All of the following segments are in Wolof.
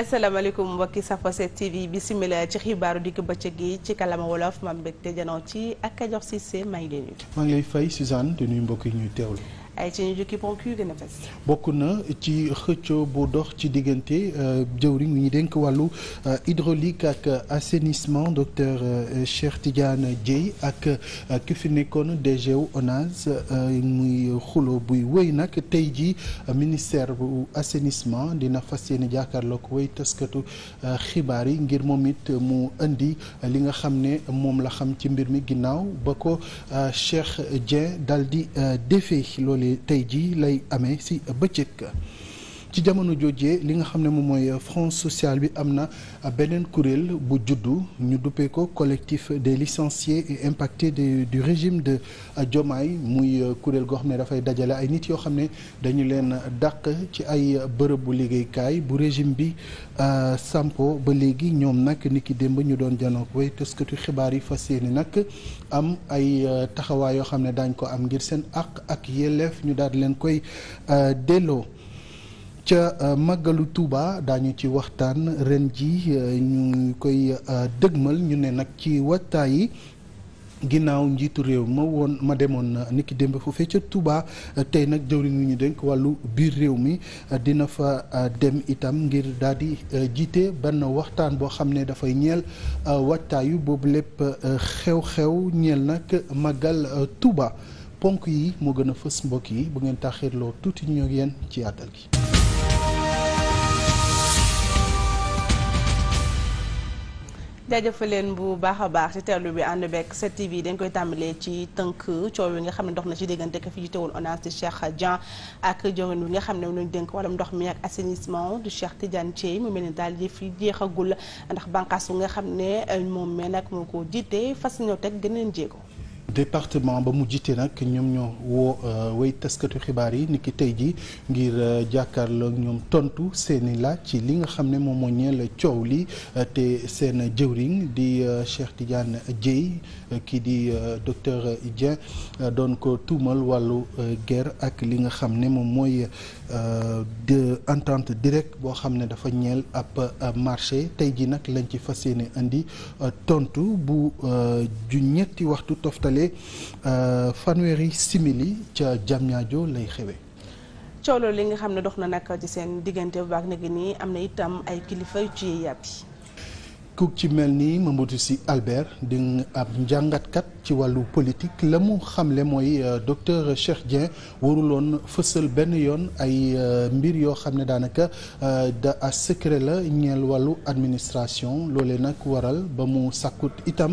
asalaamaaleykum mbokki sa 7 TV bisimilah ci xibaaru dikk bëccëg yi ci kalama wolof mam mbégte janoo ci ak Kajoor Cissé maa ngi leen nuyu. maa ngi lay fay Suzanne di nuyu mbokk yi ñuy teewlu. ay ci ñu jukki ponk bokk na ci xëccoo bu dox ci diggante euh, jëwriñ ñu dénk wàllu euh, hydraulique ak assainissement docteur euh, Cheikh Tidiane Dièye ak ki fi nekkoon DG wu ONAS muy xulo buy wëy nag tey ji ministère bu assainissement dina fas yéene jàkkaarloo ko wëy taskatu xibaar yi ngir moom it mu indi li nga xam ne moom la xam ci mbir mi ginnaaw ba ko Cheikh Dieng dal di defee loolu tey jii lay amee si bëccëg ci jamono joojee li nga xam ne moom mooy front social bi am na beneen kuréel bu juddu ñu duppee ko collectif de licenciés et impactés du régime de Diomaye muy kuréel goo xam ne dafay dajale ay nit yoo xam ne dañu leen dàq ci ay bërëbu liggéeykaay bu régime bi euh, sampo ba léegi ñoom nag nit ki démb ñu doon janook way taskatu xibaar yi fas yéene nag am ay euh, taxawaay yoo xam ne daañ ko am ngir seen àq ak yelleef ñu daal leen koy euh, delloo ca euh, màggalu Touba daañu ci waxtaan ren ji euh, ñu koy euh, dëgmal ñu ne nag ci waxtaan yi ginnaaw njiitu réew ma woon ma demoon niki démb foofee ca Touba tey nag jëwriñ ñu dénk wàllu biir réew mi dina fa dem itam ngir daal jiite benn waxtaan boo xam ne dafay ñeel wattaayu boobu lépp xew-xew ñeel nag màggal Touba ponk yi moo gën a fës mbokk yi bu ngeen taxirloo tuuti ñoo yéen ci yaatal gi jaajëfal leen bu baax a baax ci teewlu bi ànd bekk 7TV dañ koy tàmbalee ci tënk coow yi nga xam ne dox na ci déggante ko fi jiite woon ONAS di Cheikh Dieng ak jëwriñ bi nga xam ne nañ dénk wàllum ndox mi ak assainissement du Cheikh Tidiane Dièye mu mel ni daal di fi jeexagul ndax bànqaas bu nga xam ne moom mee nag moo ko jiite fas ñëw teg gëneen jéego département ba mu jiite nag ñoom ñoo woo euh, way taskatu xibaar yi niki tey ji ngir euh, jàkkaarloo ñoom tontu seeni laaj ci li nga xam ne moom moo ñeel coow li euh, te seen jëwriñ di Cheikh Tidiane Dièye kii di docteur Dieng doon tuumal wàllu guerre ak li nga xam ne moom mooy de entente directe boo xam ne dafa ñeel ab marché tey ji nag lañ ci fas yéene indi tontu bu ju ñetti waxtu toftale tàmbalee euh, fanweeri simili ca Diamniadio lay xewe coow loolu li nga xam ne dox na nag ci seen diggante bu baax nag nii am na itam ay kilifa yu ci yàpp yi ku ci mel ni Mamadou Sy Albert di ab njàngatkat ci wàllu politique la mu xamle mooy euh, docteur Cheikh Dieng waruloon fësal benn yoon ay euh, mbir yoo xam ne daanaka euh, da a secret la ñeel wàllu administration loole nag waral ba mu sàkkut itam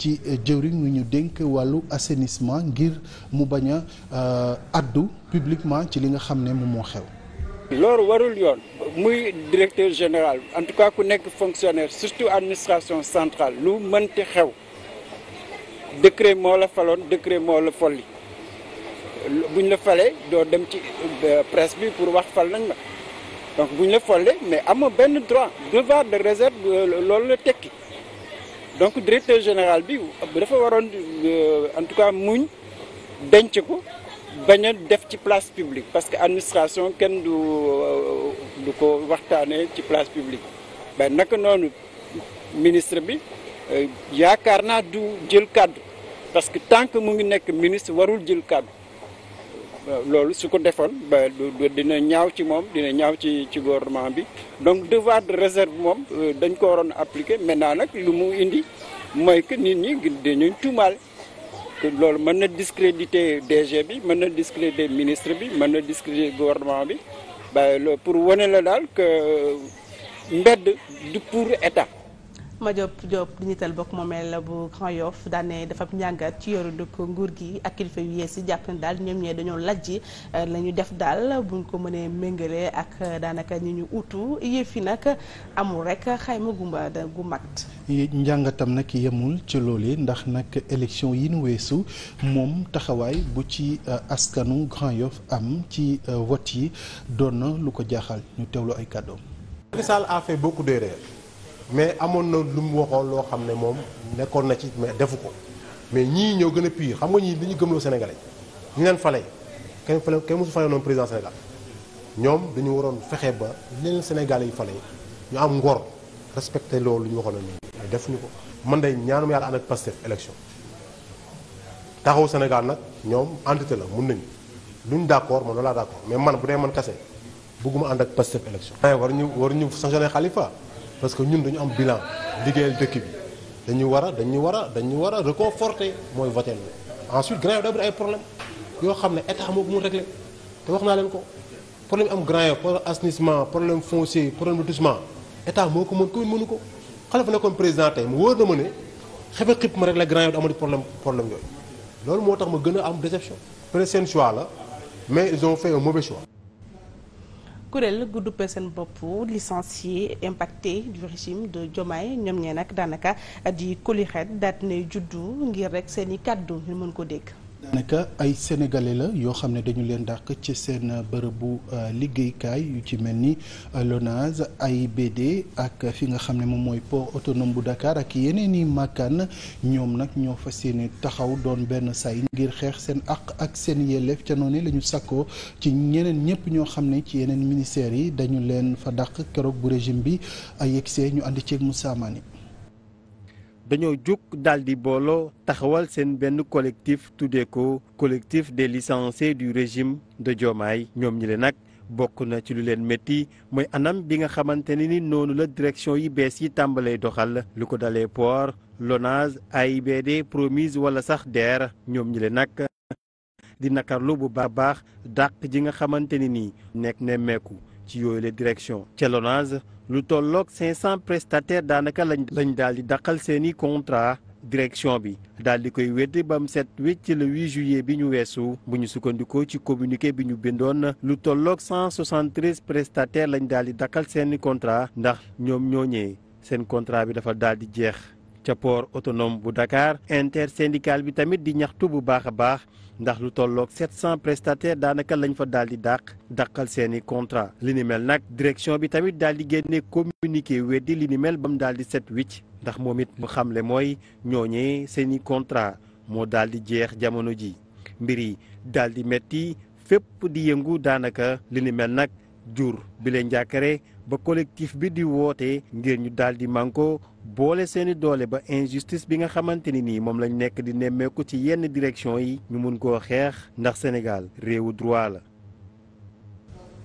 ci jëwriñ wi ñu dénk wàllu assainissement ngir mu bañ a addu publiquement ci li nga xam ne moom moo xew loolu warul yoon muy directeur général en tout cas ku nekk fonctionnaire surtout administration centrale lu mënti xew décret moo la faloon décret moo la folli buñ la falee doo dem ci euh, presse bi pour wax fal nañ ma donc buñ la follee mais amoo benn droit devoir de réserve euh, loolu la tekki donc directeur général bi dafa waroon euh, en tout cas muñ denc ko bañ def ci place publique parce que administration kenn du euh, du ko waxtaanee ci place publique ba naka noonu ministre bi euh, yaakaar naa du jël kàddu parce que tant que mu ngi nekk ministre warul jël kàddu euh, loolu su ko defoon ba dina ñaaw ci moom dina ñaaw ci ci gouvernement bi donc devoir de réserve moom dañ ko waroon appliquer maintenant nag lu mu indi mooy que nit ñi dañuy tuumaal. loolu mën na discréditer DG bi mën na discréditer ministre bi mën na discréditer gouvernement bi ba pour wane la daal que mbedd du pour état. Madiop Diop di ñital bokk moomeel la bu Grand Yoff daan ne dafa njàngat ci yoru dëkk nguur gi ak kilifa yu yees jàpp ne daal ñoom ñee dañoo lajji euh, lañu ñu def daal buñ ko mënee méngale ak euh, daanaka ñi ñu utu yëf yi nag amul rek xayma gumba gu mat. njàngatam nag yemul ci loolee ndax nag élection yi nu weesu moom taxawaay bu ci euh, askanu Grand Yoff am ci vote yi doon lu ko jaaxal ñu teewlu ay kàddoom. mais amoon na lu mu loo xam ne moom nekkoon na ci mais defu ko mais ñii ñoo gën a pire xam nga ñii li ñu gëmloo Sénégalais ñu leen fale kenn fale kenn mosu fale noonu président Sénégal ñoom dañu waroon fexe ba leneen Sénégalais yi fale ñu am ngor respecté lu ñu waxoon ne mais defuñu ko man day ñaanum yàlla ànd ak Pastef élection taxaw Sénégal nag ñoom entité la mun nañu luñ d'accord man loolaa d'accord mais man bu dee man kase bëgguma ànd ak Pastef élection. war ñu war ñu sanctionné Khalifa parce que ñun dañu am bilan liggéeyal dëkk bi dañu war a dañu war a dañu war a réconforter mooy votel ensuite Grand Yoff daa bëri ay problème yoo xam ne état moo ko mun réglé te wax naa leen ko problème am Grand Yoff problème assainissement problème foncier problème lotissement état moo ko mën commune mënu ko Khalifa nekkoon président tey mu wóor na ne xefe xip ma rek la Grand Yoff du amati problème problème yooyu loolu moo tax ma gën a am déception peut-être la mais ils ont fait un mauvais kuréel gu duppee seen bopp licencié impacté du régime de Diomaye ñoom ñee nag daanaka di kuli xeet daat ne juddu ngir rek seeni i kàddu ñu mën ko dégg. daanaka ay sénégalais la yoo xam ne dañu leen dàq ci seen bërëbu euh, liggéeykaay yu ci mel ni ay euh, AIBD ak fi nga xam ne moom mooy port autonome bu Dakar ak yeneen i màkkaan ñoom nag ñoo fa yéene taxaw doon benn say ngir xeex seen àq ak seen yelleef ca noonu lañu ñu ci ñeneen ñëpp ñoo xam ne ci yeneen ministères yi dañu leen fa dàq keroog bu régime bi ay yegsee ñu ànd ceeg Moussa Mané dañoo jóg daal di booloo taxawal seen benn collectif tuddee ko collectif de licenciés du régime de Diomaye ñoom ñi le nag bokk na ci lu leen métti mooy anam bi nga xamante ne ni noonu la direction yi bees yi tàmbalee doxal lu ko dalee port ay AIBD Promise wala sax DER ñoom ñi le nag di nakarlu bu baax baax dàq ji nga xamante ni nii nekk nemmeeku ci yooyu la direction ca Lonase lu tolloog 500 prestataires daanaka lañ lañ daal di daqal seeni contrat direction bi daal di koy wedd ba mu set wecc le 8 juillet bi ñu weesu bu ñu sukkandikoo ci communiqué bi ñu bindoon lu tolloog 173 prestataires lañ daal di daqal seeni contrat ndax ñoom ñooñee seen contrat bi dafa daal di jeex ca port autonome bu Dakar intersyndical bi tamit di ñaxtu bu baax a baax ndax lu tolloog 700 prestataires daanaka lañ fa daal di dàq dàqal seeni contrat li ni nag direction bi tamit daal di génne communiqué weddi li ni ba mu daal di set wicc ndax moom it mu xamle mooy ñooñee seeni contrat moo daal di jeex jamono ji mbir yi daal di metti fépp di yëngu daanaka li mel nag jur bi leen njàkkare ba collectif bi di woote ngir ñu daal di mànkoo boole seeni doole ba injustice bi nga xamante ni nii moom lañ nekk di nemmeeku ci yenn direction yi ñu mun koo xeex ndax Sénégal réewu droit la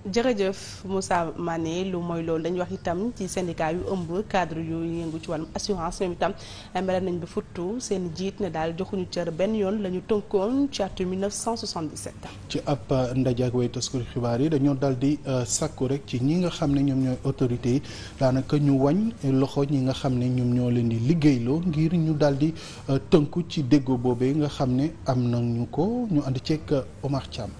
jërëjëf Moussa Mané lu mooy loolu dañuy wax itam ci syndicat yu ëmb cadre yu yëngu ci wàllum assurance ñoom itam eh, mere nañ ba futtu seen jiit ne daal joxuñu cër benn yoon la ñu tënkoon ci atum 1977. ci ab eh, ndaje ak way xibaar yi dañoo dal di eh, sàkku rek ci ñi nga xam ne ñoom ñooy autorités yi daanaka ñu wañ loxo ñi nga xam ne ñoom ñoo leen di liggéeyloo ngir ñu daal di tënku ci déggoo boobee nga xam ne am na ñu ko ñu ànd ceeg Omar Thiam.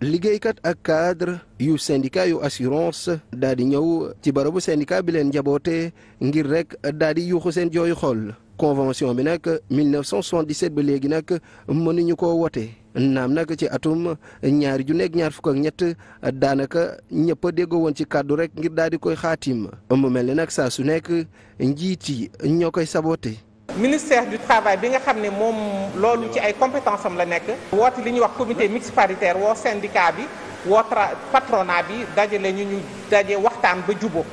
liggéeykat ak cadre yu syndicat yu assurance daal di ñëw ci barabu syndicat bi leen jaboote ngir rek daal di yuuxu seen jooyu xool convention bi nag 1977 ba léegi nag mënuñu koo wote naam nag ci atum ñaari ju nekk ñaar fukk ak ñett daanaka ñëpp a déggoo woon ci kàddu rek ngir daal di koy xaatim mu mel ne nag saa su nekk njiit yi ñoo koy sabote ministère du travail bi nga xam ne moom loolu ci ay compétence am la nekk woote li ñuy wax comité mixte paritaire woo syndicat bi woo patronat bi dajale ñu ñu daje waxtaan ba jubóo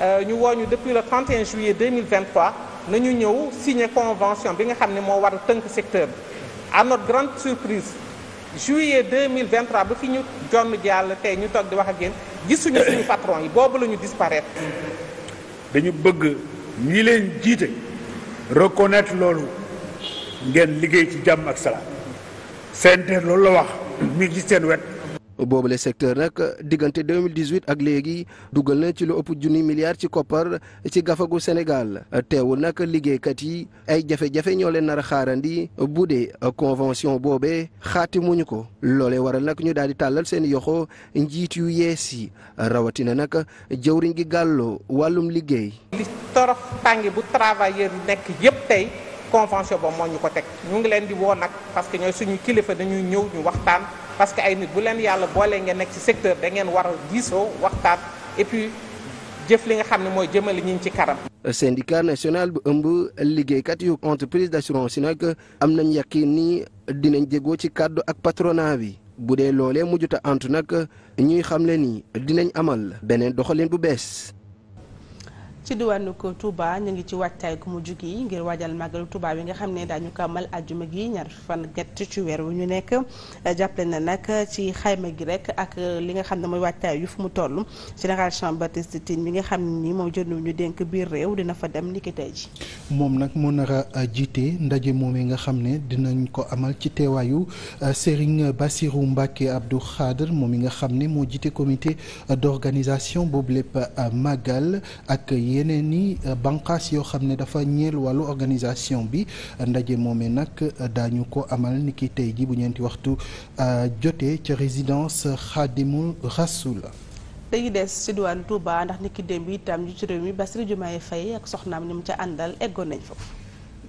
euh, ñu woo ñu depuis le 31 juillet 2023 nañu ñëw signer convention bi nga xam ne moo war a tënk secteur bi à notre grande surprise juillet 2023 ba fi ñu jonn jàll tey ñu toog di wax a génn gisuñu suñu patron yi boobu la ñu disparaître dañu bëgg ñi leen jiite reconnaître loolu ngeen liggéey ci jàmm ak salaam CNTS loolu la wax mi ngi ci seen wet boobu le secteur nag diggante 2018 ak léegi dugal na ci lu ëpp junni milliards ci koppar ci gafagu Sénégal teewul nag liggéeykat yi ay jafe-jafe ñoo leen nar a xaarandi bu dee convention boobee xaatimuñu ko loolee waral nag ñu daal di tàllal seen yoxo njiit yu yees yi rawatina nag jëwriñ gi gàlloo wàllum liggéey. li torof tàngi bu travailleur yi nekk yëpp tey. convention ba moo ñu ko teg ñu ngi leen di woo nag parce que kilifa dañuy ñëw ñu waxtaan parce que ay nit bu leen yàlla boolee ngeen nekk ci secteur da ngeen war a diisoo waxtaan et jëf li nga xam ne mooy jëmale ñi ci kanam. syndicat national bu ëmb liggéeykat yu entreprise d'assurance yi nag am nañ yàqin ni dinañ jégoo ci kàddu ak patronat bi bu dee loolee mujjuta ent nag ñuy xamle ni dinañ amal beneen doxalin bu bees. ci diwaanu ko Touba ñu ngi ci waajtaay gu mujj gi ngir waajal màggalu Touba bi nga xam ne daañu ko amal àjjuma gi ñaar fan ñett ci weer wu ñu nekk jàppale na nag ci xayma gi rek ak li nga xam ne mooy waajtaay yu fu mu toll général Jean-Baptiste Tine bi nga xam ne nii moom jëndu ñu dénk biir réew dina fa dem niki moom nag moo nar a jiite ndaje moomee nga xam ne dinañ ko amal ci teewaayu Serigne Bassirou Mbacké Abdou Khadr moom mi nga xam ne moo jiite comité d'organisation boobu lépp màggal ak yeneen i euh, banqaas yoo xam ne dafa ñeel wàllu organisation bi ndaje moomee nag euh, daañu ko amal ni ki tey ji bu ñeenti waxtu euh, jotee ca résidence Xaadimul Rasul dañuy des ci diwaanu Touba ndax niki démb itam ji ci réew mi Bassirou Diomaye Faye ak soxnaam ni mu ca àndal eggoon nañ foofu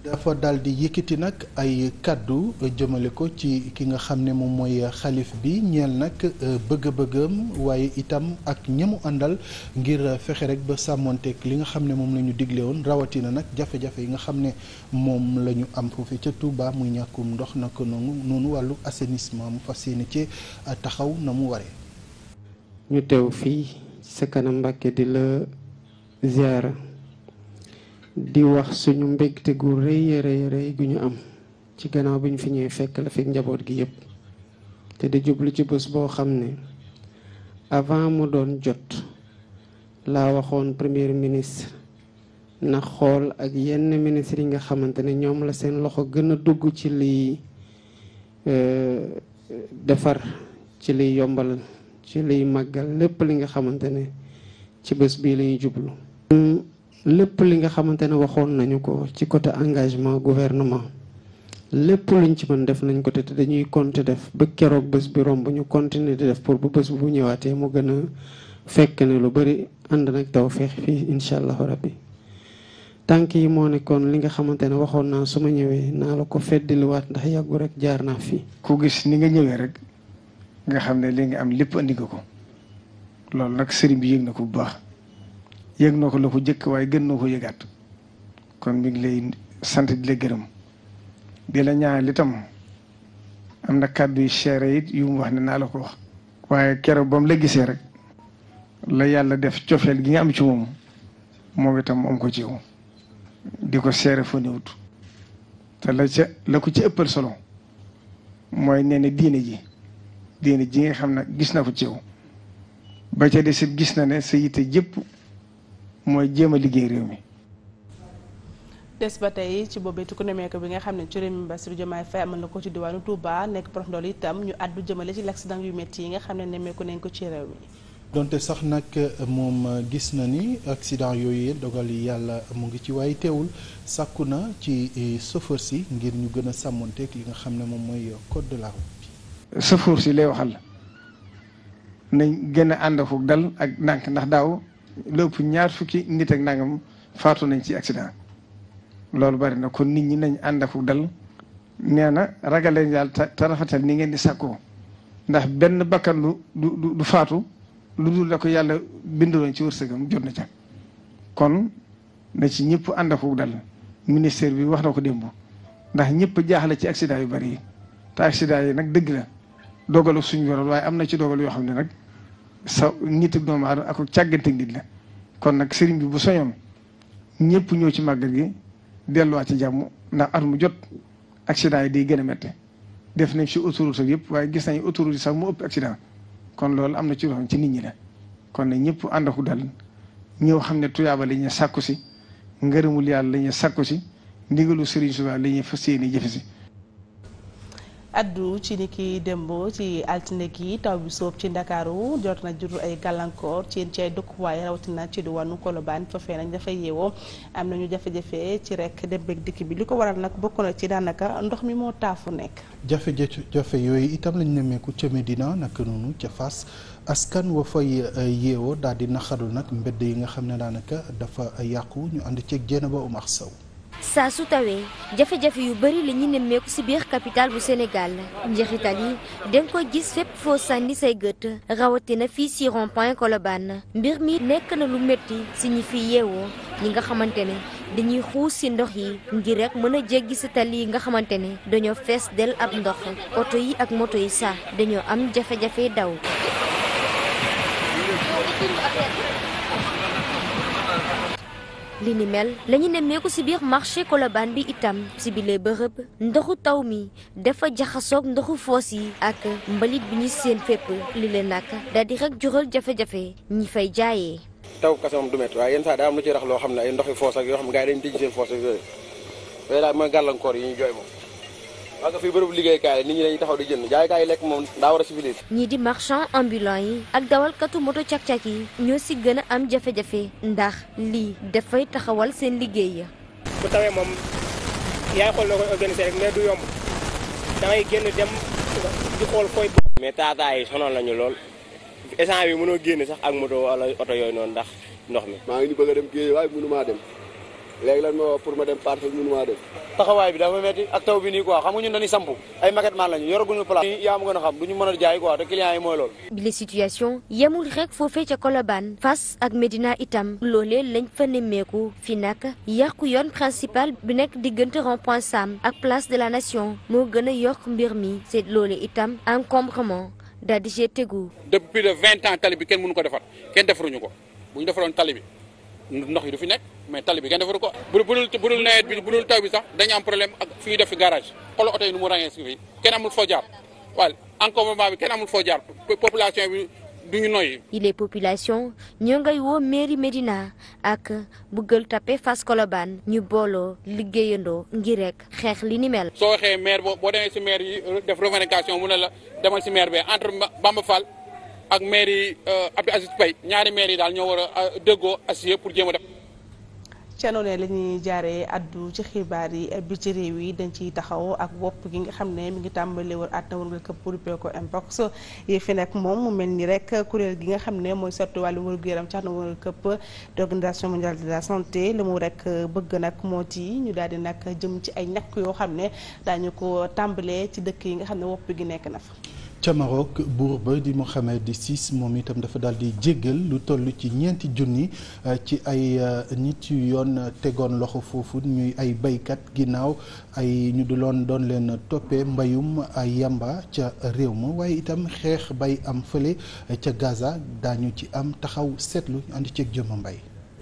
dafa daal di yëkkati nag ay kàddu jëmale ko ci ki nga xam ne moom mooy xalif bi ñeel nag euh, bëgg-bëggam waaye itam ak ñamu àndal ngir fexe rek ba sàmmonteeg li nga xam ne moom lañu ñu digle woon rawatina nag jafe-jafe yi nga xam ne moom la ñu am foofu ca Touba muy ñàkkum ndox naka noonu noonu wàllu assainissement mu fas yéene ci euh, taxaw na mu waree. ñu teew fii sa kanam Mbàkke di la ziyaara. di wax suñu mbégte gu rëy rëy rëy gu ñu am ci gannaaw bi ñu fi ñëwee fekk la fi njaboot gi yëpp te di jublu ci bés boo xam ne avant mu doon jot laa waxoon première ministre na xool ak yenn ministre yi nga xamante ne ñoom la seen loxo gën a dugg ci liy euh, defar ci liy yombal ci liy màggal lépp li nga xamante ne ci bés bii lañuy jublu lépp li nga xamante ne waxoon nañu ko ci côté engagement gouvernement lépp luñ ci mën def nañ ko te dañuy compter def ba keroog bés bi romb ñu continuer di def pour bu bés bu ñëwaatee mu gën a fekk ne lu bëri ànd nag taw feex fii incha allahu rabbi tànk yi moo nekkoon li nga xamante ne waxoon naa su ma ñëwee naa la ko feddiliwaat ndax yàggu rek jaar naa fii. ku gis ni nga ñëwee rek nga xam ne li nga am lépp andi nga ko loolu nag sëriñ bi yëg na ko bu baax. yëg na ko la ko jëkk waaye gën noo ko yëgaat kon mu ngi lay sant di la gërëm di la ñaanal itam am na kàddu yu seere it yu mu wax ne naa la ko wax waaye keroog ba mu la gisee rek la yàlla def cofeel gi nga am ci moom moom itam am ko ci di ko seere fa néwut te la la ko ci ëppal solo mooy nee na diine ji diine ji nga xam ne gis na ko ci yow ba ca desit gis na ne sa yitte jëpp mooy jéem a liggéey réew mi. des ba tey ci boobu ku nemmeeku bi nga xam ne ci réew mi Bassirou Diomaye Faye amal na ko ci diwaanu Touba nekk prof ndool itam ñu àddu jëmale ci l'accident yu métti yi nga xam ne nemmeeku nañ ko ci réew mi. donte sax nag euh, moom euh, gis na ni accident yooyu dogal yi yàlla mu ngi ci waaye teewul sàkku na ci euh, chauffeur si ngir ñu gën a sàmmonteeg li nga xam ne moom mooy code de la route. chauffeur si lay waxal nañ gën a ànd dal ak ndànk ndax daaw. lépp ñaar fukki nit ak nangam faatu nañ ci accident loolu bari na kon nit ñi nañ ànd ak dal nee na ragal leen yàlla te ni ngeen di sàkkoo ndax benn bakkan lu du faatu lu dul la ko yàlla binduloon ci wërsëgam jot na ca kon na ci ñëpp ànd ak dal ministère bi wax na ko démb ndax ñëpp jaaxle ci accident yu bari yi te yi nag dëgg la dogalu suñu waral waaye am na ci dogal yoo xam ne nag. sa nitu doomu aadama ak càggante nit la kon nag sëriñ bi bu soñoon ñëpp ñëw ci màggal gi delluwaat ci jàmm ndax at mu jot accident yi day gën a métti def nañ ci autoroute ak yëpp waaye gis nañu autoroute yi sax mu ëpp accident kon loolu am na ci loxoom ci nit ñi la kon nag ñëpp ànd ak dal ñëw xam ne tuyaaba la ñuy sàkku si ngërëmul yàlla la ñuy sàkku si ndigalu sëriñ Tuubaa la ñuy fas yéene jëfe si addu ci ni ki démb ci altine gi taw bi soob ci ndakaaru jot na jur ay gàllankoor ci yenn ci ay dëkkuwaay rawatina ci wannu kolobaan foofee nañ dafa yeewoo am nañu jafe-jafe ci rek dem beeg dikk bi li ko waral nag bokk na ci daanaka ndox mi moo taafu nekk. jafe-jafe yooyu itam lañu nemmeeku ca dina naka noonu ca fas askan wa fay eh, yeewoo daal di naxaru nag mbedd yi nga xam ne daanaka dafa yàqu ñu ànd ceeg jéen ba Umar Sow saa su tawee jafe-jafe yu bëri li ñu ne nemmeeku ci biir capital bu senegaal njeexital yi danga ko gis fépp foo sànni say gët rawatina fii ci rond-point Colobane mbir mi nekk na lu metti ci ñi fi yeewoo ñi nga xamante ne dañuy xuus ci ndox yi ngir rek mën a jéggi ci tali yi nga xamante ne dañoo fees dell ab ndox oto yi ak moto yi sax dañoo am jafe-jafe daw li ni mel la ñu nemmeeku ci biir marché Colobane bi itam ci bile bërëb ndoxu taw mi dafa jaxasoog ndoxu foos yi ak mbalit bi ñu seen fépp li leen nakk daal di rek jural jafe-jafe ñi fay jaayee. taw kese du métti waaye yenn saa daa am lu ci loo xam ne ay ndoxi foos ak yoo xam ne gars yi dañu tijji seen foos ak yooyu mooy gàllankoor yi ñu jooy moom. waa nga fii bërëbu liggéeykaay nit ñi dañuy taxaw di jënd jaaykaay lekk moom daa war a civilisé ñii di marchand ambulant yi ak dawalkatu moto cak-cak yi ñoo si gën a am jafe-jafe ndax lii dafay taxawal seen liggéey ya bu tawee moom yaay xool noo koy organisé rek mais du yomb da génn dem di xool fooy mais taataay yi sonal nañu lool essence bi mënoo génn sax ak moto wala oto yooyu noonu ndax ndox mi maa ngi ni bëgg a dem géej waaye mënu dem léegi lan moo pour ma dem parcelle mënumaa dem taxawaay bi dafa metti ak taw bi nii quoi xam nga ñun dañuy samp ay maquette man lañu yoraguñu place yaa ma gën a xam duñu mën a jaay quoi te clients yi mooy loolu bi la situation yemul rek foofee ca Colobane Fass ak Médina itam loolee lañ fa nemmeeku fi nag yàqu yoon principal bi nekk diggante rond-point Sam ak place de la nation moo gën a yokk mbir mi c'est loole itam encombrement daal di tegu depuis plus de vingt ans tali bi kenn mënu ko defar kenn defaruñu ko bu ñu defaroon tali bi ndox yi du fi nekk mais tali bi kenn defaru ko bu budul budul nawet bi budul taw bi sax dañu am problème ak fi ñuy def fi garage xoolal oto yi nu mu ràññee si fii kenn amul foo jaar waaye encombrement bi kenn amul foo jaar population bi duñu noyyi. les populations ñoo ngay woo mairie Médina ak bu Gueule Tapée Fass Colobane ñu booloo liggéeyandoo ngir rek xeex li ni mel. soo waxee maire boo boo demee si maire yi def revendication mu ne la demal si maire bi entre Bamba Fall. ak maire yi euh, Abdou Aziz Pay ñaari maire yi daal ñoo war a euh, déggoo assier pour jéem def. ca noonee la ñuy jaaree addu ci xibaar yi bi ci réew yi dañ ciy taxaw ak wopp gi nga xam ne mi ngi tàmbali woon at na wërngal këpp pour ko impox yi fi nag moom mu mel ni rek kuréel gi nga xam ne mooy sottu wàllu wërgu yaram ci at këpp d' organisation mondiale de la santé li mu rek euh, bëgg nag moo ci ñu daal di nag jëm ci ay ñàkk yoo xam ne daañu ko tàmbalee ci dëkk yi nga xam ne wopp gi nekk na fa. ca Maroc buur ba di Mohamed sis moom itam dafa daal di jéggal lu tollu ci ñeenti junni euh, ci ay euh, nit yu yoon tegoon loxo foofu ñuy ay baykat ginnaaw ay ñu duloon doon leen toppee mbayum ay yamba ca réew ma waaye itam xeex bay am fële euh, ca Gaza daañu ci am taxaw seetlu ànd ceeg jëma mbay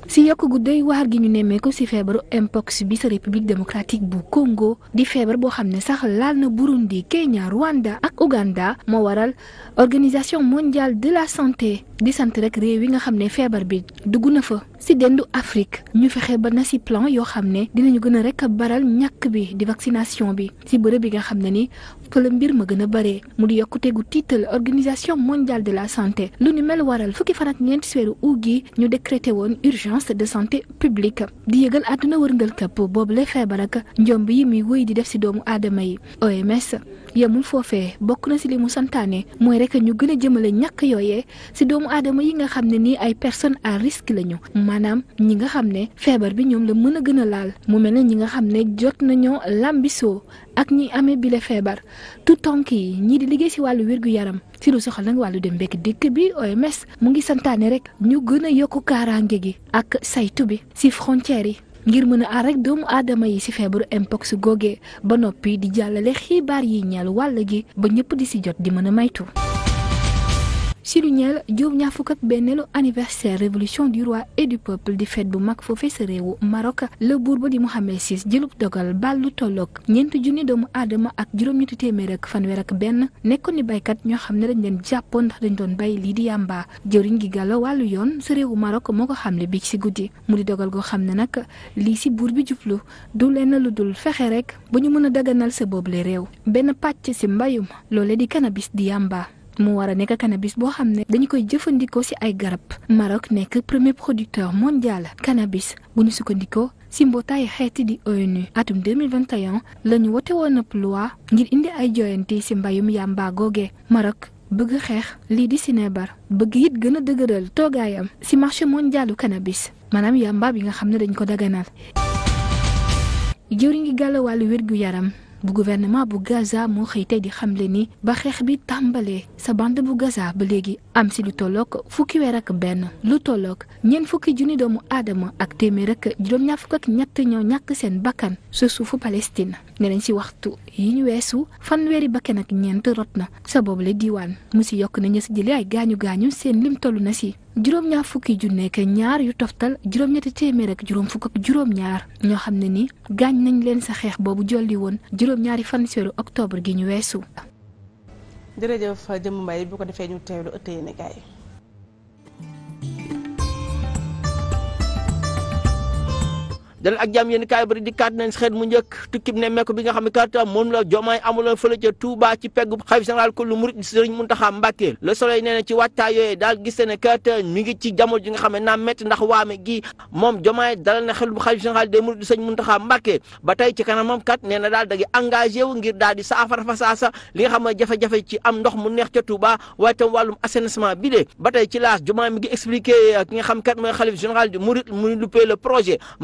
si yokk gu doy waar gi ñu nemmeeku si feebaru mpox bi sa république démocratique bu Congo di feebar boo xam ne sax laal na Burundi Kenya Rwanda ak Uganda moo waral organisation mondiale de la santé di sant rek réew yi nga xam ne feebar bi dugg na fa si dendu Afrique ñu fexe ba na si plan yoo xam ne dinañu gën a rek baral ñàkk bi di vaccination bi si bërëb bi nga xam ne ni fa la mbir ma gën a bare mu di yokkute gu tiital organisation mondiale de la santé lu ni mel waral fukki fan ak ñeenti weeru août gi ñu décrété woon urgence de santé publique di yëgal àdduna wërngal këpp boobu lay feebar ak njomb yi muy wéy di def si doomu aadama yi OMS. yemul foofe bokk na si li mu santaane mooy rekk ñu gën a jëmale ñàkk yooye si doomu aadama yi nga xam ne nii ay personnes à risque lañu maanaam ñi nga xam ne feebar bi ñoom la mën a gën a laal mu mel na ñi nga xam ne jot nañoo lambisoo ak ñii amee bile feebar tout tonk yi ñii di liggéey ci wàllu wérgu yaram ci lu soxal nag wàllu dem bekk dikk bi OMS mu ngi santaane rek ñu gën a yokk kaaraange gi ak saytu bi ci frontières yi. ngir mën a aar doomu aadama yi ci feebaru mpox googee ba noppi di jàllale xibaar yi ñeel wàll gi ba ñëpp di ci jot di mën a maytu. si lu juróom ñaar fukk ak benneelu anniversaire révolution du roi et du peuple di fête bu mag foofee sa réew Maroc la buur ba di Mohamed VI jëlub dogal baal lu tolloog ñeenti junni doomu aadama ak juróom-ñetti téeméer ak fanweer ak benn nekkoon ni baykat ñoo xam ne dañ leen jàppoon dañ doon bay lii di yàmba jëriñ gi gàlla wàllu yoon sa réewu Maroc moo ko xam xamle bi si guddi mu di dogal goo xam ne nag lii si buur bi jublu du lenn lu dul fexe rek ba ñu mën a daganal sa boobule réew benn pàcc si mbayum loole di cannabis di yàmba mu war a nekk cannabis boo xam ne dañu koy jëfandikoo ci ay garab Maroc nekk premier producteur mondial cannabis bu ñu sukkandikoo ci mbootaayu xeeti di ONU atum 2021 la ñu wote woon ab loi ngir indi ay jooyante ci mbayum yàmbaa googe Maroc bëgg xeex lii di sinebar bëgg it gën a dëgëral toogaayam ci marché mondialu cannabis maanaam yàmbaa bi nga xam ne dañ ko daganal jëwriñ ngi gàlla wàllu wér gu yaram bu gouvernement bu Gaza moo xëy tey di xamle ni ba xeex bi tàmbalee sa bande bu Gaza ba léegi am si lu tolloog fukki weer ak benn lu tolloog ñeent fukki junni doomu aadama ak téeméer ak juróom ñett ñoo ñàkk seen bakkan sa suufu Palestine ne nañ si waxtu yi ñu weesu fan weeri bakkan ak ñeent rot na sa boobule diiwaan mu si yokk na ña si jëlee ay gaañu gaañu seen lim toll na si juróom-ñaar fukki junne ak ñaar yu toftal juróom-ñetti téeméer ak juróom fukk ak juróom-ñaar ñoo xam ne ni gaañ nañ leen sa xeex boobu jolli woon juróom-ñaari fanweeri octobre gi ñu weesu. jërëjëf jëmm mbay bu ko defee ñu teewlu ëtt yéen dalal ak jàmm yéen kaay bari di kaat nañ si xeet mu njëkk tukkib ne mekk bi nga xam ne kaata moom la jomaay amuloon fële ca Touba ci peggu xalif général ko lu murit sëriñ Muntaxa Mbàkke le soleil nee na ci waajtaay yooyu daal gis ne kaata mi ngi ci jamono ji nga xam ne naa ndax waame gi moom jomaay dalal na xel bu xalif général des murit sëriñ Muntaxa Mbàkke ba tey ci kanamam kat nee na daal da ngi wu ngir daal di saafara fa saasa li nga xam ne jafe-jafe ci am ndox mu neex ca Touba waaye tam wàllum assainissement bi de ba tey ci laas jomaay mi ngi expliqué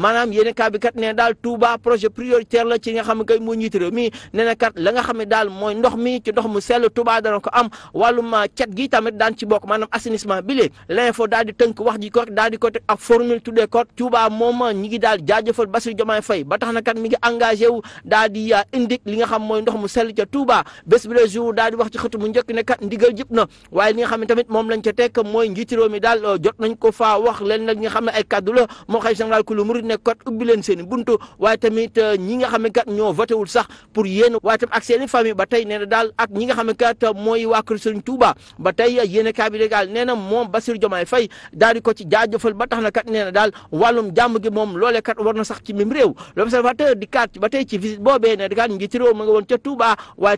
maanaam yéen yéen kat bi kat ne daal Touba projet prioritaire la ci nga xam ne kay moo njiit réew mi nee na kat la nga xam ne daal mooy ndox mi ci ndox mu sell Touba dana ko am wàllum uh, cet gi tamit daan ci bokk maanaam assainissement bi léegi l'info daal di tënk wax ji daal di ko teg ak formule tuddee moom uh, ñi ngi daal jaajëfal Bassirou Diomaye Faye ba tax na kat mi ngi engagé wu daal di uh, indi li nga xam mooy ndox mu sell ca Touba bés bi jour daal di wax ci xëtu mu njëkk ne kat ubbi leen seen i buntu waaye tamit euh, ñi nga xam ne kat ñoo voté wul sax pour yéen waaye tamit ak seen i famille ba daal ak ñi nga kat a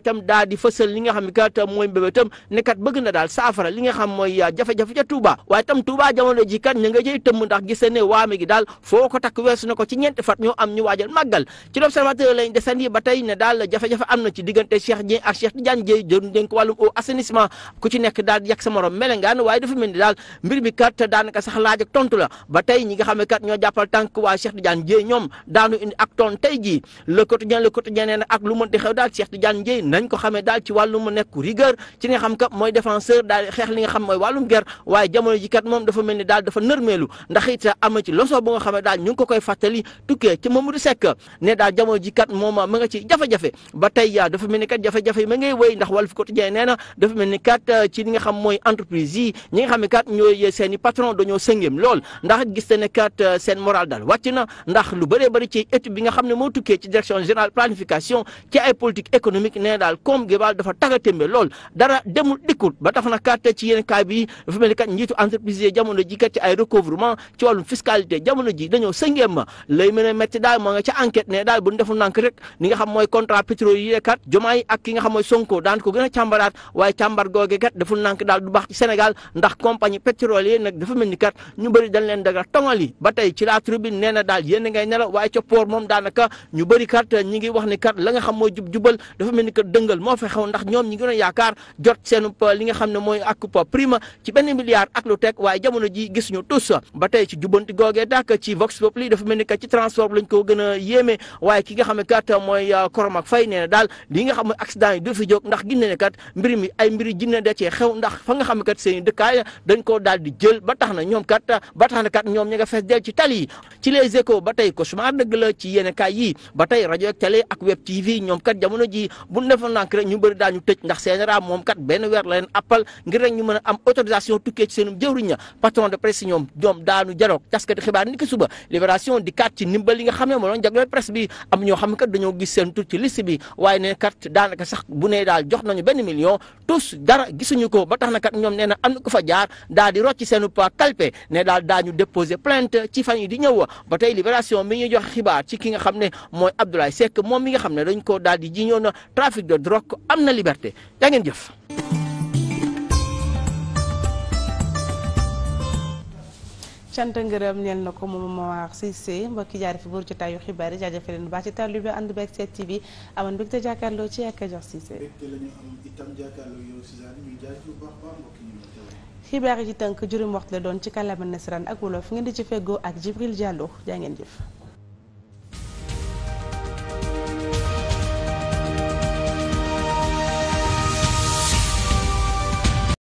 tam daal di fësal li nga xam kat mooy waaye tam Touba jamono ji kat ña nga jëy tëmm waame gi daal foo ko takk weesu na ko ko ci ñeenti fat ñoo am ñu waajal màggal ci l'observateur lañ desandi ba ne daal jafe-jafe am na ci diggante Cheikh Dieng ak Cheikh Tidiane Dieye jëru dénk wàllum au assainissement ku ci nekk daal yàq sa morom melengaan waaye dafa mel daal mbir mi kat daanaka sax laaj ak tontu la ba ñi nga xam daal Cheikh Tidiane Dieye nañ ko ci wàllum xam kat mooy daal xeex li nga xam mooy wàllum guerre waaye jamono ji kat moom dafa mel daal dafa nërmeelu ndax it yi tukkee ci Mamadou Seck ne daal jamono ji kat moom ma nga ci jafe-jafe ba dafa mel kat jafe-jafe ma ngay wéy ndax Walf Quotidien nee na dafa mel kat euh, ci ne kat euh, daal wàcc ndax lu bëree bëri ci étude nga xam ne moo tukkee ci direction générale planification ci ay politique économique nee daal koom gi dafa taga témbe lool dara demul dikkul ba tax kat ci yenn cas dafa mel kat njiitu entreprise yi ji kat ci ay recouvrement ci wàllum lay mën a métti daal moo nga ca enquête ne daal bu ñu deful nank rek li nga mooy contrat pétrole yi kat jomaay ak ki mooy Sonko daan ko gën a càmbaraat waaye càmbar googe kat deful nank daal du baax ci Sénégal ndax compagnie pétrole yi nag daal yéen ngay nelaw waaye ca poor moom daanaka ñu bëri kat ñi ngi wax ni kat la nga mooy jub jubal dafa mel kat dëngal moo fa xew ñoom ñi ngi doon jot seen li nga xam mooy ci transport lañ ko gën a yéeme waaye ki nga kat mooy Koromak euh, Faye nee daal li nga xam accident yi fi jóg ndax gis ne kat mbir mi ay mbiri jinne da cee xew ndax fa kat seen i dëkkaay dañ koo daal di jël ba tax na ñoom kat ba tax kat ñoom ña nga del ci tali ci les échos ba tey cauchemar dëgg ci yenn kaay yi ba rajo ak ak web TV ñoom kat jamono ji bu ñu defoon ñu bëri daal ñu tëj ndax CNRA moom kat benn weer leen appal a kat ci ndimbal yi nga xam ne moo doon jagleel presse bi am ñoo xam ne kat dañoo gis seen tur ci liste bi waaye sax bu ne daal jox nañu benn million tous dara gisuñu ko ba tax ñoom nee na am na ko fa jaar daal di rocc seen pa kalpe ne daal daañu déposer plainte ci fan yi di ñëw ba tey libération mi ñuy joxe xibaar ci ki nga xam ne mooy Abdoulaye Seck moom mi nga xam ne dañ ko daal di jiñoon trafic de drogue am na liberté yaa ngeen jëf cant ngërëm ñeel na ko moom Momar Cissé mbokki jaare fi buur jotaayu xibaar yi jaajëfe leen baax ci tàllu bi ànd beeg seet TV amoon mbégte jàkkaarloo ci ak jox Cissé mbégte la ñu am itam jàkkaarloo xibaar yi ci tënk juróom waxtu la doon ci kàllaama nasaraan ak wolof ngeen di ci feggoo ak Jibril Diallo jaa ngeen jëf